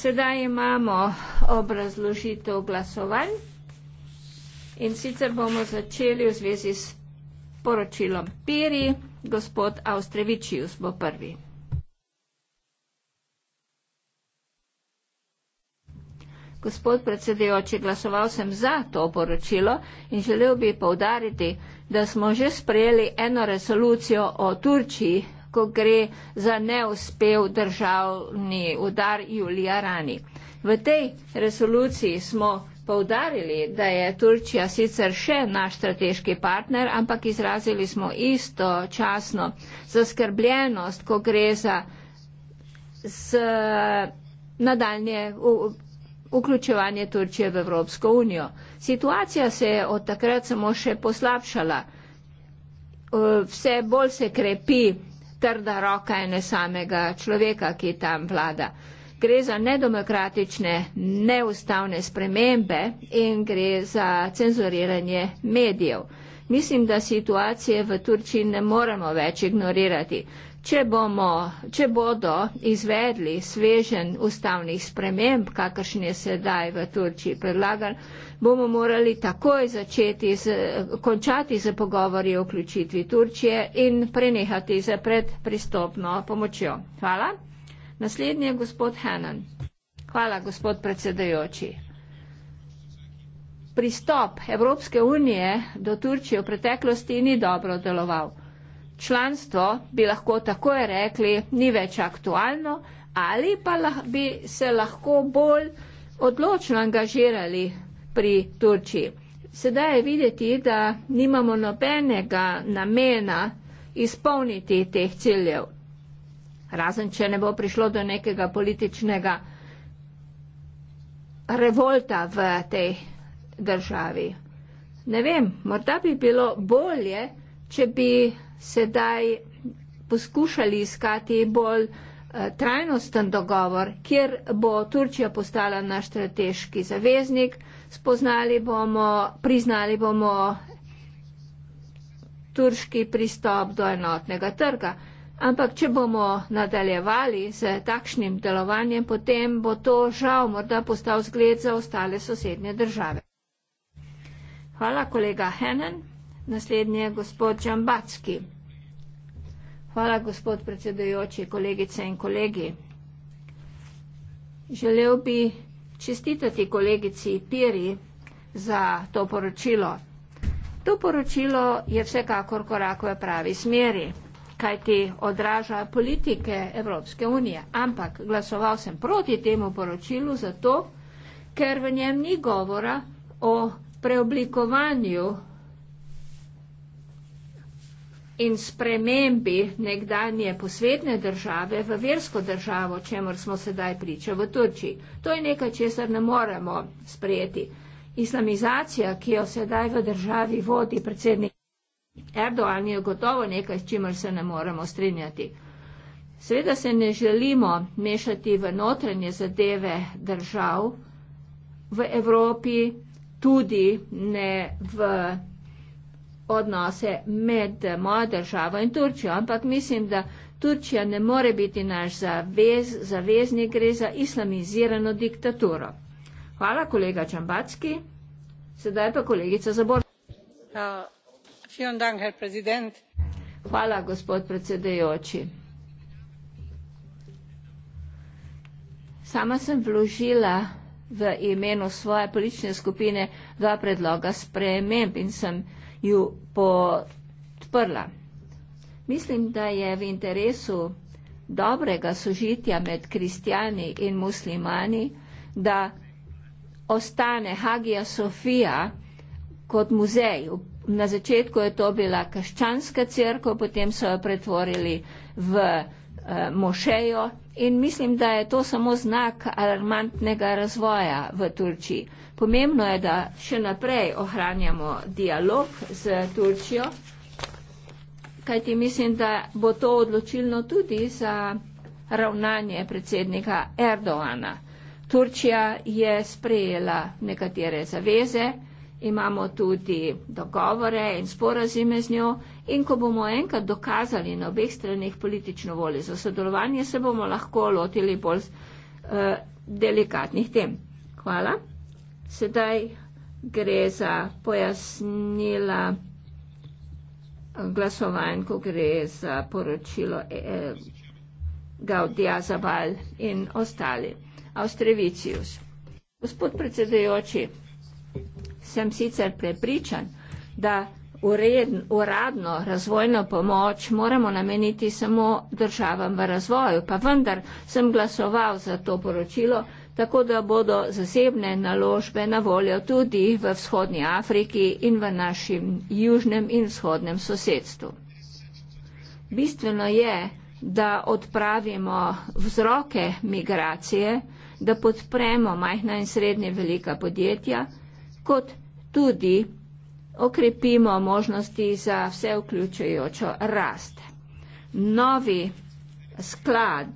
sedaj imamo obrazložitev glasovanj in sicer bomo začeli v zvezi s poročilom piri gospod avstrevičius bo prvi gospod predsedujoči glasoval sem za to poročilo in želel bi poudariti da smo že sprejeli eno resolucijo o turčiji ko gre za neuspev državni udar Julija Rani. V tej resoluciji smo povdarili, da je Turčija sicer še naš strateški partner, ampak izrazili smo istočasno zaskrbljenost, ko gre za nadaljnje vključevanje Turčije v Evropsko unijo. Situacija se je od takrat samo še poslabšala. Vse bolj se krepi trda roka ene samega človeka, ki tam vlada. Gre za nedemokratične, neustavne spremembe in gre za cenzuriranje medijev. Mislim, da situacije v Turčiji ne moremo več ignorirati. Če, bomo, če bodo izvedli svežen ustavnih sprememb, kakršne je sedaj v Turčiji predlagan, bomo morali takoj začeti z, končati z pogovori o vključitvi Turčije in prenehati z predpristopno pomočjo. Hvala. Naslednji je gospod Henan. Hvala, gospod predsedajoči. Pristop Evropske unije do Turčije v preteklosti ni dobro deloval. Članstvo, bi lahko takoj rekli, ni več aktualno ali pa bi se lahko bolj odločno angažirali pri Turčiji. Sedaj je videti, da nimamo nobenega namena izpolniti teh ciljev, razen če ne bo prišlo do nekega političnega revolta v tej državi. Ne vem, morda bi bilo bolje, če bi sedaj poskušali iskati bolj eh, trajnosten dogovor, kjer bo Turčija postala naš strateški zaveznik, spoznali bomo, priznali bomo turški pristop do enotnega trga. Ampak, če bomo nadaljevali z takšnim delovanjem, potem bo to žal morda postal zgled za ostale sosednje države. Hvala, kolega Henen. Naslednji je gospod Žambacki. Hvala, gospod predsedujoči, kolegice in kolegi. Želel bi čestitati kolegici Piri za to poročilo. To poročilo je vsekakor korak v pravi smeri, kajti odraža politike Evropske unije. Ampak glasoval sem proti temu poročilu zato, ker v njem ni govora o preoblikovanju in spremembi nekdanje posvetne države v versko državo, čemer smo sedaj priča v Turčiji. To je nekaj, česar ne moremo sprejeti. Islamizacija, ki jo sedaj v državi vodi predsednik Erdoan, je gotovo nekaj, s čimer se ne moremo strinjati. Sveda se ne želimo mešati v notranje zadeve držav v Evropi, tudi ne v odnose med mojo državo in Turčijo, ampak mislim, da Turčija ne more biti naš zavez, zaveznik, gre za islamizirano diktaturo. Hvala, kolega Čambacki. Sedaj pa kolegica Zabor. Uh, Hvala, gospod predsedajoči. Sama sem vložila v imenu svoje politične skupine dva predloga sprememb in sem ju podprla. Mislim, da je v interesu dobrega sožitja med kristjani in muslimani, da ostane Hagia Sofia kot muzej. Na začetku je to bila krščanska crkva, potem so jo pretvorili v Eh, mošejo in mislim, da je to samo znak alarmantnega razvoja v Turčiji. Pomembno je, da še naprej ohranjamo dialog z Turčijo, kajti mislim, da bo to odločilno tudi za ravnanje predsednika Erdoana. Turčija je sprejela nekatere zaveze, imamo tudi dogovore in sporazume z njo in ko bomo enkrat dokazali na obeh stranih politično voljo za sodelovanje, se bomo lahko lotili bolj uh, delikatnih tem. Hvala. Sedaj gre za pojasnila eh, glasovanj, ko gre za poročilo eh, Gaudija Zabal in ostali. Austrevicius. Gospod predsedujoči, sem sicer prepričan, da uredn, uradno razvojno pomoč moramo nameniti samo državam v razvoju, pa vendar sem glasoval za to poročilo, tako da bodo zasebne naložbe na voljo tudi v vzhodnji Afriki in v našem južnem in vzhodnem sosedstvu. Bistveno je, da odpravimo vzroke migracije, da podpremo majhna in srednje velika podjetja, kot tudi okrepimo možnosti za vse vključujočo rast. Novi sklad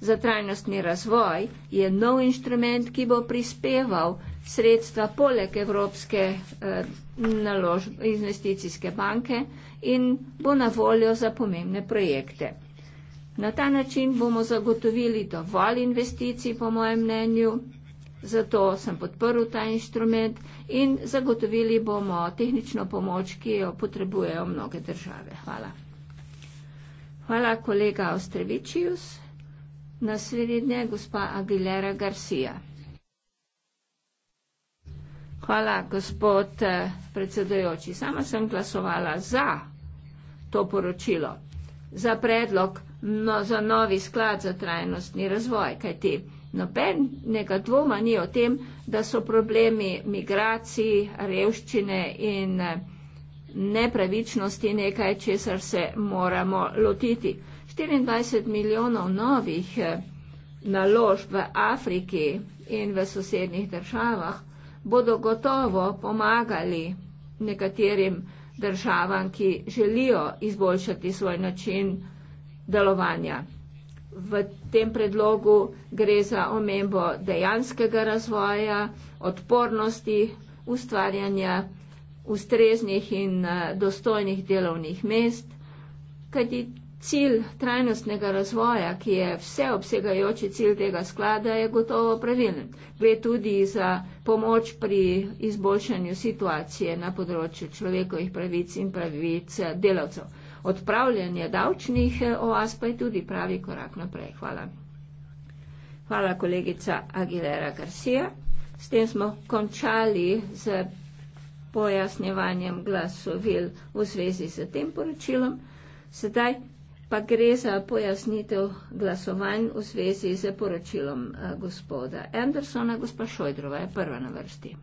za trajnostni razvoj je nov inštrument, ki bo prispeval sredstva poleg Evropske eh, investicijske banke in bo na voljo za pomembne projekte. Na ta način bomo zagotovili dovolj investicij, po mojem mnenju, zato sem podprl ta inštrument in zagotovili bomo tehnično pomoč, ki jo potrebujejo mnoge države. Hvala. Hvala, kolega Ostrevičius. Naslednje, gospa Aguilera Garcia. Hvala, gospod eh, predsedujoči. Sama sem glasovala za to poročilo, za predlog no, za novi sklad za trajnostni razvoj, kajti nobenega dvoma ni o tem, da so problemi migracij, revščine in eh, nepravičnosti nekaj, česar se moramo lotiti. 24 milijonov novih eh, naložb v Afriki in v sosednjih državah bodo gotovo pomagali nekaterim državam, ki želijo izboljšati svoj način delovanja v tem predlogu gre za omembo dejanskega razvoja, odpornosti, ustvarjanja ustreznih in eh, dostojnih delovnih mest, kajti cilj trajnostnega razvoja, ki je vseobsegajoči cilj tega sklada, je gotovo pravilen. Gre tudi za pomoč pri izboljšanju situacije na področju človekovih pravic in pravic eh, delavcev odpravljanje davčnih eh, oaz pa je tudi pravi korak naprej. Hvala. Hvala, kolegica Aguilera Garcia. S tem smo končali z pojasnjevanjem glasovil v zvezi z tem poročilom. Sedaj pa gre za pojasnitev glasovanj v zvezi z poročilom eh, gospoda Andersona. Gospa Šojdrova je prva na vrsti.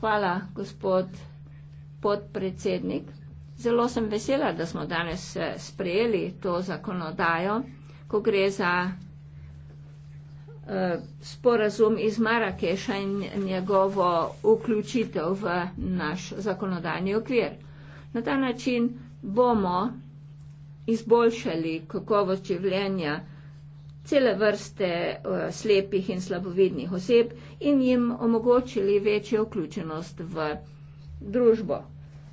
Hvala, gospod podpredsednik. Zelo sem vesela, da smo danes eh, sprejeli to zakonodajo, ko gre za eh, sporazum iz Marakeša in njegovo vključitev v naš zakonodajni okvir. Na ta način bomo izboljšali kakovost življenja cele vrste eh, slepih in slabovidnih oseb in jim omogočili večjo vključenost v družbo.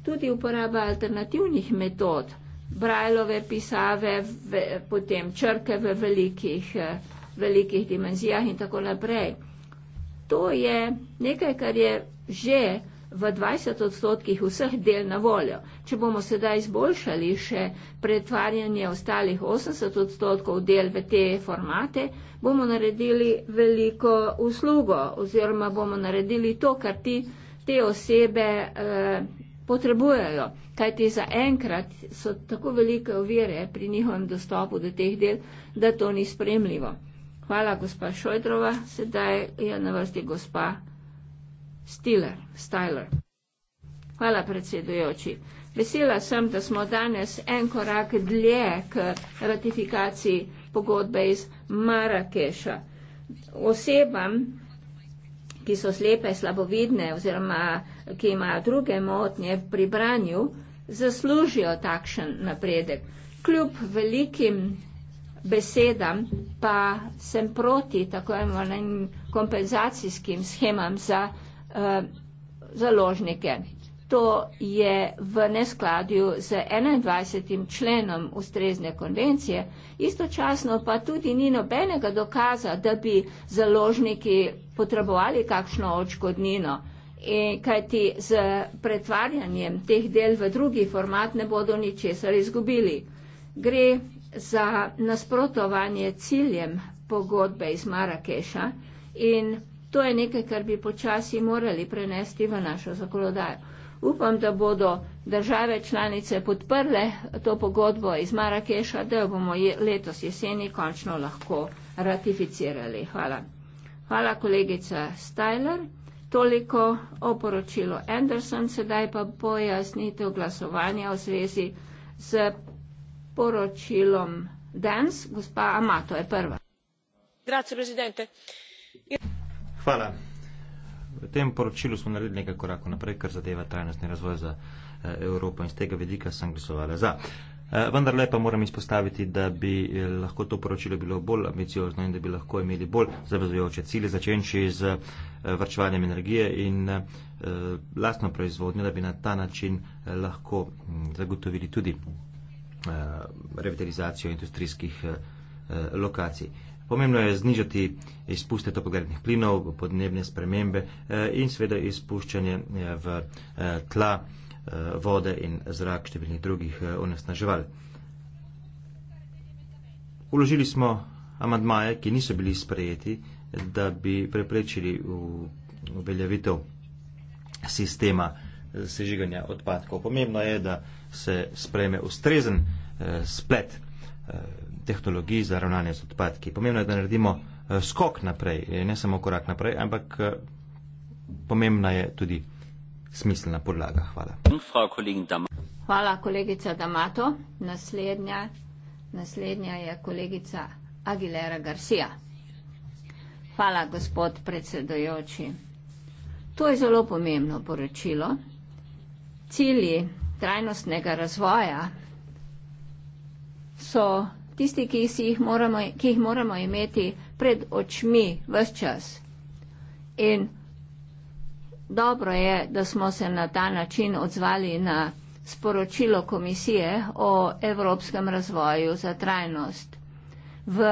Tudi uporaba alternativnih metod, brajlove pisave, v, potem črke v velikih, eh, velikih dimenzijah in tako naprej. To je nekaj, kar je že v 20 odstotkih vseh del na voljo. Če bomo sedaj izboljšali še pretvarjanje ostalih 80 odstotkov del v te formate, bomo naredili veliko uslugo oziroma bomo naredili to, kar ti, te osebe eh, potrebujejo. Kaj ti zaenkrat so tako velike ovire pri njihovem dostopu do teh del, da to ni spremljivo. Hvala, gospa Šojdrova. Sedaj je na vrsti gospa. Stiller, Stiler. Hvala, predsedujoči. Vesela sem, da smo danes en korak dlje k ratifikaciji pogodbe iz Marakeša. Osebam, ki so slepe, slabovidne oziroma ki imajo druge motnje pri branju, zaslužijo takšen napredek. Kljub velikim besedam pa sem proti tako imenovanim kompenzacijskim schemam za Eh, založnike. To je v neskladju z 21. členom ustrezne konvencije, istočasno pa tudi ni nobenega dokaza, da bi založniki potrebovali kakšno očkodnino, e, kajti z pretvarjanjem teh del v drugi format ne bodo ničesar izgubili. Gre za nasprotovanje ciljem pogodbe iz Marakeša in To je nekaj, kar bi počasi morali prenesti v našo zakonodajo. Upam, da bodo države članice podprle to pogodbo iz Marakeša, da jo bomo letos jeseni končno lahko ratificirali. Hvala. Hvala, kolegica Steiler. Toliko o poročilu Anderson, sedaj pa pojasnitev glasovanja v zvezi z poročilom Dance. Gospa Amato je prva. Grazie, Hvala. V tem poročilu smo naredili nekaj korakov naprej, kar zadeva trajnostni razvoj za eh, Evropo in z tega vidika sem glasovala za. Eh, Vendar lepa moram izpostaviti, da bi eh, lahko to poročilo bilo bolj ambiciozno in da bi lahko imeli bolj zavezujoče cilje, začenči z vrčevanjem energije in lastno proizvodnjo, da bi na ta način lahko hm, zagotovili tudi revitalizacijo industrijskih lokacij. Pomembno je znižati izpuste toplogrednih plinov, podnebne spremembe eh, in seveda izpuščanje eh, v eh, tla, vode in zrak številnih drugih onesnaževal. Uložili smo amadmaje, ki niso bili sprejeti, da bi preprečili uveljavitev sistema sežiganja odpadkov. Pomembno je, da se spreme ustrezen splet tehnologij za ravnanje z odpadki. Pomembno je, da naredimo eh, skok naprej, eh, ne samo korak naprej, ampak eh, pomembna je tudi smiselna podlaga. Hvala. Hvala, kolegica Damato. Naslednja, naslednja je kolegica Aguilera Garcia. Hvala, gospod predsedojoči. To je zelo pomembno poročilo. Cilji trajnostnega razvoja so tisti, ki, jih moramo, ki jih moramo imeti pred očmi vse čas. In dobro je, da smo se na ta način odzvali na sporočilo komisije o evropskem razvoju za trajnost. V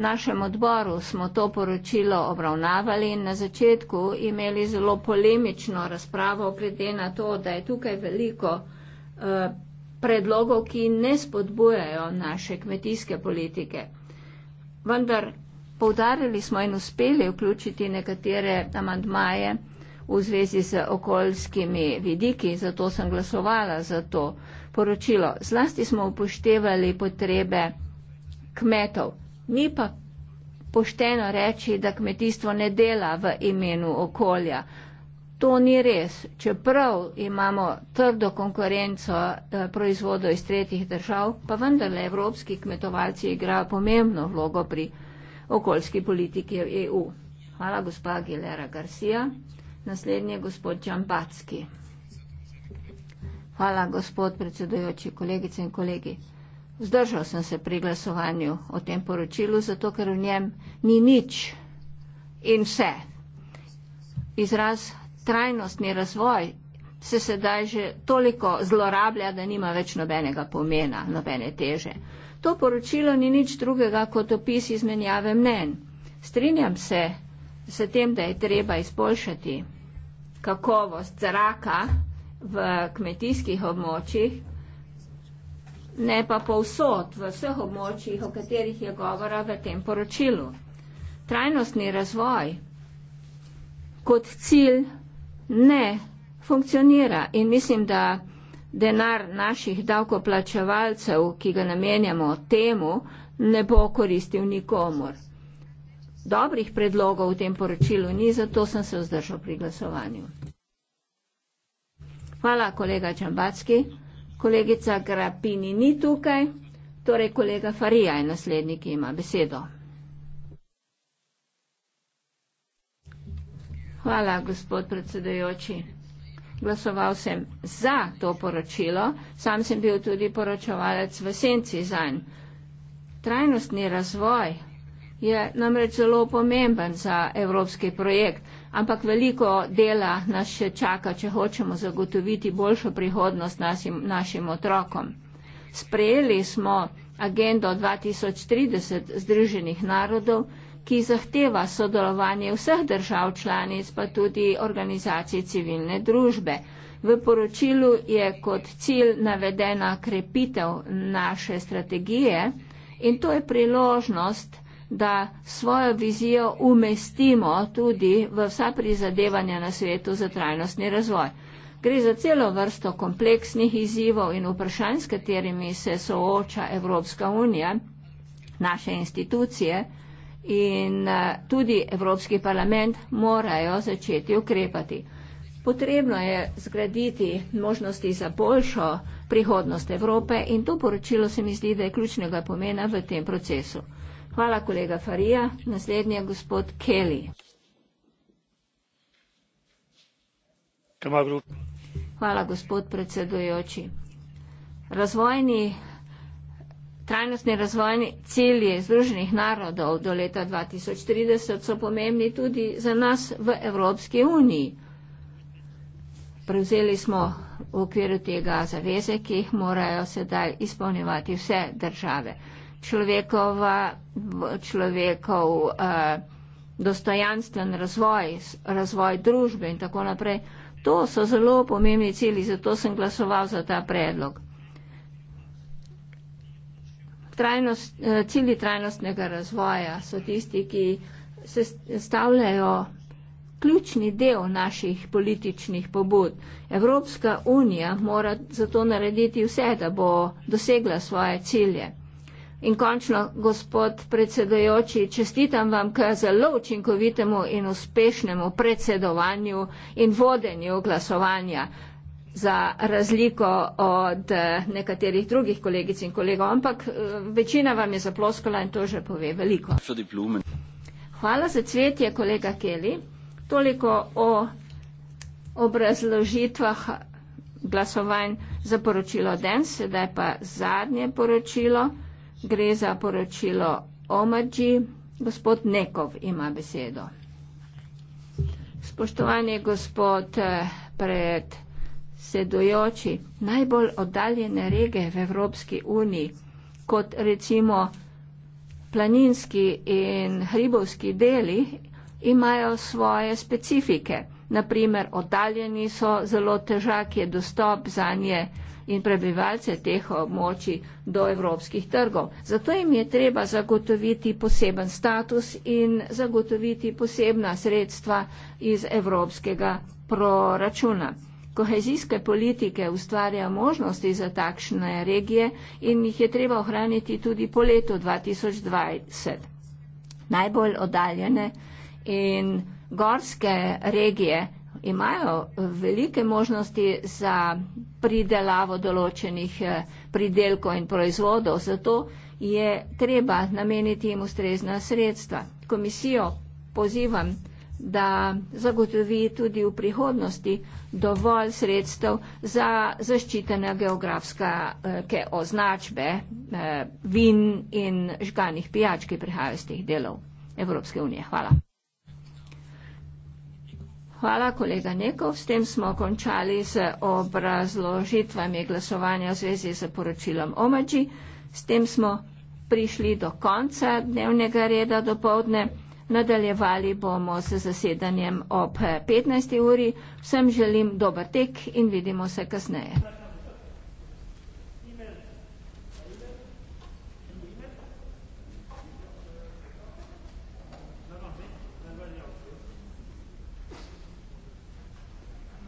našem odboru smo to poročilo obravnavali in na začetku imeli zelo polemično razpravo, glede na to, da je tukaj veliko uh, predlogov, ki ne spodbujajo naše kmetijske politike. Vendar povdarili smo in uspeli vključiti nekatere amantmaje v zvezi z okoljskimi vidiki, zato sem glasovala za to poročilo. Zlasti smo upoštevali potrebe kmetov. Ni pa pošteno reči, da kmetijstvo ne dela v imenu okolja. To ni res. Čeprav imamo trdo konkurenco eh, proizvodov iz tretjih držav, pa vendarle evropski kmetovalci igrajo pomembno vlogo pri okoljski politiki v EU. Hvala, gospa Gilera Garcia. Naslednji je gospod Čambacki. Hvala, gospod predsedujoči, kolegice in kolegi. Zdržal sem se pri glasovanju o tem poročilu, zato ker v njem ni nič in vse. Izraz trajnostni razvoj se sedaj že toliko zlorablja, da nima več nobenega pomena, nobene teže. To poročilo ni nič drugega kot opis izmenjave mnen. Strinjam se s tem, da je treba izboljšati kakovost zraka v kmetijskih območjih, ne pa povsod v vseh območjih, o katerih je govora v tem poročilu. Trajnostni razvoj kot cilj ne funkcionira in mislim, da denar naših davkoplačevalcev, ki ga namenjamo temu, ne bo koristil nikomor. Dobrih predlogov v tem poročilu ni, zato sem se vzdržal pri glasovanju. Hvala, kolega Čambacki. Kolegica Grapini ni tukaj, torej kolega Farija je naslednji, ki ima besedo. Hvala, gospod predsedujoči. Glasoval sem za to poročilo, sam sem bil tudi poročevalec v senci zanj. Trajnostni razvoj je namreč zelo pomemben za evropski projekt, ampak veliko dela nas še čaka, če hočemo zagotoviti boljšo prihodnost nasim, našim otrokom. Sprejeli smo agendo 2030 Združenih narodov, ki zahteva sodelovanje vseh držav članic, pa tudi organizacij civilne družbe. V poročilu je kot cilj navedena krepitev naše strategije in to je priložnost, da svojo vizijo umestimo tudi v vsa prizadevanja na svetu za trajnostni razvoj. Gre za celo vrsto kompleksnih izzivov in vprašanj, s katerimi se sooča Evropska unija, naše institucije, in eh, tudi Evropski parlament morajo začeti ukrepati. Potrebno je zgraditi možnosti za boljšo prihodnost Evrope in to poročilo se mi zdi, da je ključnega pomena v tem procesu. Hvala, kolega Farija. Naslednji je gospod Kelly. Hvala, gospod predsedujoči. Razvojni trajnostni razvojni cilji Združenih narodov do leta 2030 so pomembni tudi za nas v Evropski uniji. Prevzeli smo v okviru tega zaveze, ki jih morajo sedaj izpolnjevati vse države. Človekova, človekov eh, dostojanstven razvoj, razvoj družbe in tako naprej. To so zelo pomembni cilji, zato sem glasoval za ta predlog trajnost, eh, cilji trajnostnega razvoja so tisti, ki se stavljajo ključni del naših političnih pobud. Evropska unija mora zato narediti vse, da bo dosegla svoje cilje. In končno, gospod predsedojoči, čestitam vam k zelo učinkovitemu in uspešnemu predsedovanju in vodenju glasovanja za razliko od eh, nekaterih drugih kolegic in kolegov, ampak eh, večina vam je zaploskala in to že pove veliko. Hvala za cvetje, kolega Keli. Toliko o obrazložitvah glasovanj za poročilo Den, sedaj pa zadnje poročilo. Gre za poročilo Omađi. Gospod Nekov ima besedo. Spoštovani gospod eh, pred sedujoči najbolj oddaljene rege v Evropski uniji, kot recimo planinski in hribovski deli, imajo svoje specifike. Naprimer, oddaljeni so, zelo težak je dostop za nje in prebivalce teh območij do evropskih trgov. Zato jim je treba zagotoviti poseben status in zagotoviti posebna sredstva iz evropskega proračuna kohezijske politike ustvarja možnosti za takšne regije in jih je treba ohraniti tudi po letu 2020. Najbolj oddaljene in gorske regije imajo velike možnosti za pridelavo določenih eh, pridelkov in proizvodov, zato je treba nameniti jim ustrezna sredstva. Komisijo pozivam, da zagotovi tudi v prihodnosti dovolj sredstev za zaščitene geografske eh, označbe eh, vin in žganih pijač, ki prihajajo iz teh delov Evropske unije. Hvala. Hvala, kolega Nekov. S tem smo končali z obrazložitvami glasovanja v zvezi z poročilom Omađi. S tem smo prišli do konca dnevnega reda do povdne. Nadaljevali bomo z zasedanjem ob 15. uri. Vsem želim dober tek in vidimo se kasneje.